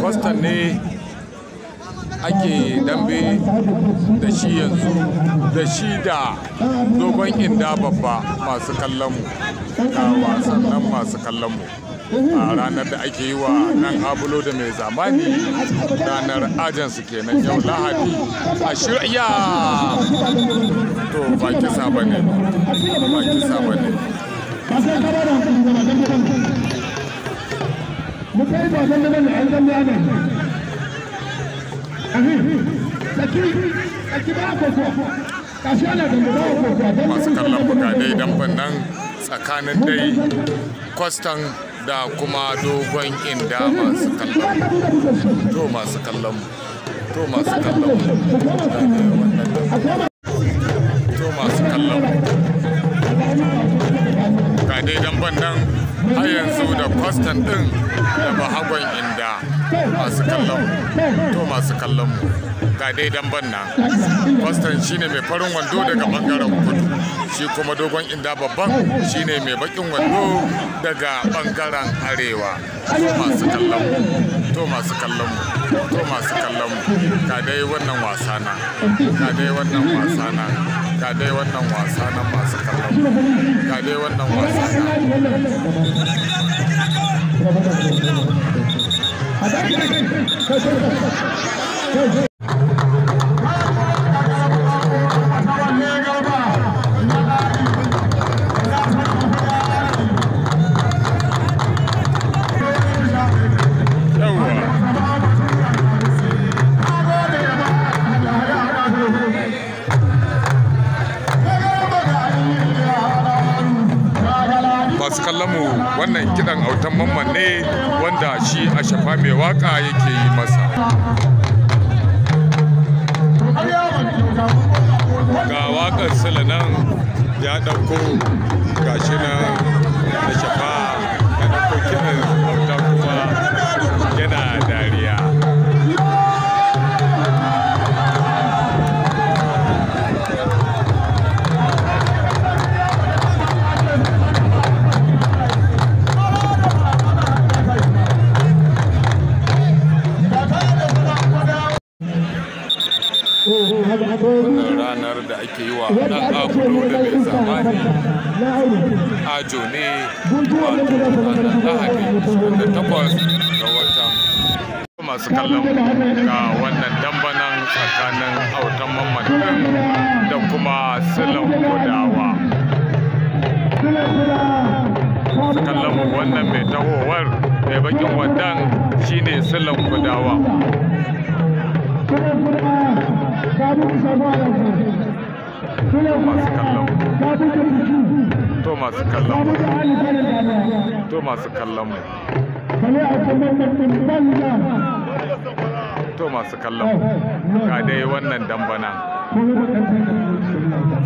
kwastan ne ake dambe da shi yanzu da shi da dogon inda babba masu kallonmu ga wasan nan masu kallonmu a ranar da ake yi wa nan abulo da mai zamani ranar ajansu kenan yau lahadi a shirya to ba kisa ba ne ba kisa ba ne masu kallon mutane idan bannan tsakanin dai kwastan da kuma dogon inda masu kallon to masu kallon to masu kallon kallon mu ga dai damban na kwastan shine mai farin wando daga bangaren kudu shi kuma dogon inda babban shine mai bakin wando daga bangaren arewa to masu kallon mu to masu kallon mu to masu kallon mu ga dai wannan wasa na ga dai wannan wasa na ga dai wannan wasa na masu kallon mu ga dai wannan wasa na Thank you. masu kallon wannan kidan autan mamman ne wanda shi a shafa mai waka yake yi masa ranar da ake yi wa ɗan abudu da mai zamani ajo ne wato ranar lahadi 28 ga watan masu kallon ga wannan dambanan tsakanin autan mamadan da kuma silan gudawa masu kallon wannan mai tahowar mai bakin wadan shine silan gudawa to masu kallon to masu kallon mu to masu kallon dai wannan dambana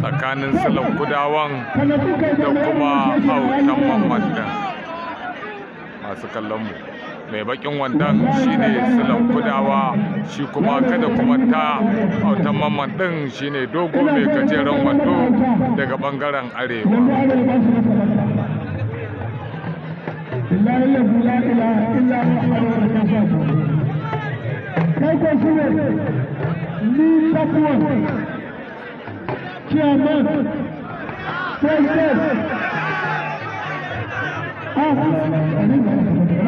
tsakanin salon gudawan da kuma hautan mamman masu kallon mu mai bakin wandan shine silan kudawa shi kuma kada kuma ta autan mamman din shine dogo mai gajeren wando daga bangaren arewa Thank you.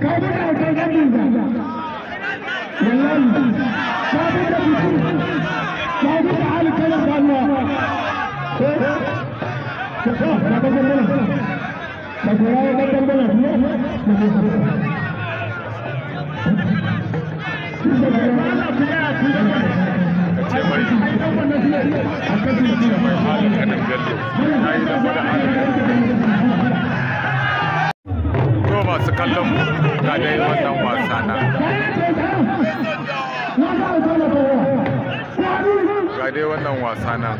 ڪاٻڙا ٽرڪا گڏ ٿي dai wannan wasa na ga dai wannan wasa na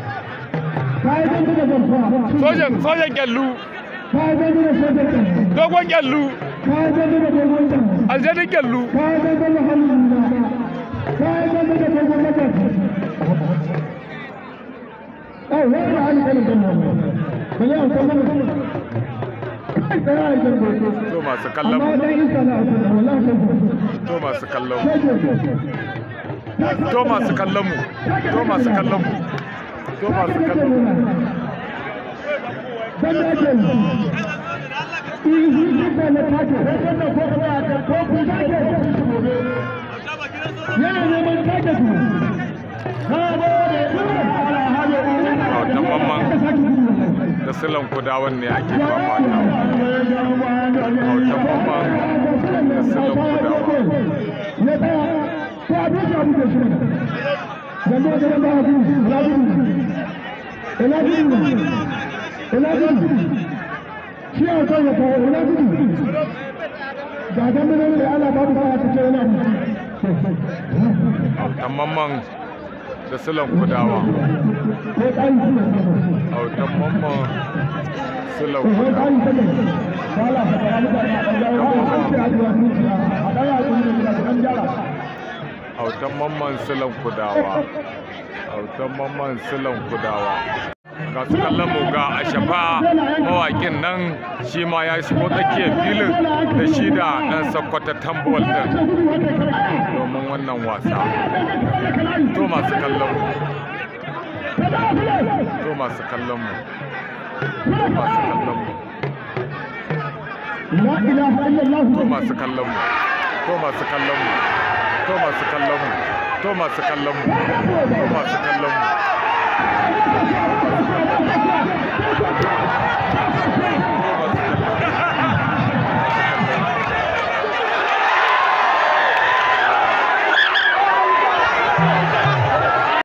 sojan sojan kyallu dogon kyallu aljanin kyallu Hey, where are you going to go? to masu kallon to masu kallon to masu kallon mu to masu kallon mu to masu kallon mu silan kudawan ne ake fafata hautan da silan da silan kudawa autan mamman silan kudawa autan mamman kudawa kallon mu ga ashafa mawakin nan shi ma ya shigo tsakiyar filin da shi da ɗan sakwata tambol ɗin domin wannan wasa to masu kallon to masu kallon mu to masu kallon mu to masu kallon mu to masu kallon mu to masu kallon mu to masu kallon mu to masu kallon mu